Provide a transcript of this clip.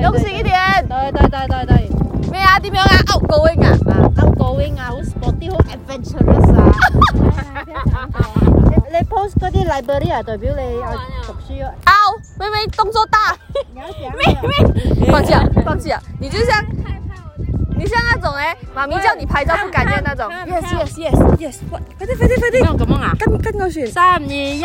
用心啲～對對對對對，咩啊？點樣啊？Outgoing 啊，Outgoing 啊，好 sporty，好 adventurous 啊！你你 post 嗰啲 library 啊，代表你啊讀書啊 Out，妹妹動作大，咪咪，放棄，放棄，你就像，你像嗰種誒，媽咪叫你拍照不敢嘅嗰種。Yes yes yes yes，快啲快啲快啲！你講緊乜啊？跟跟我選！三二一。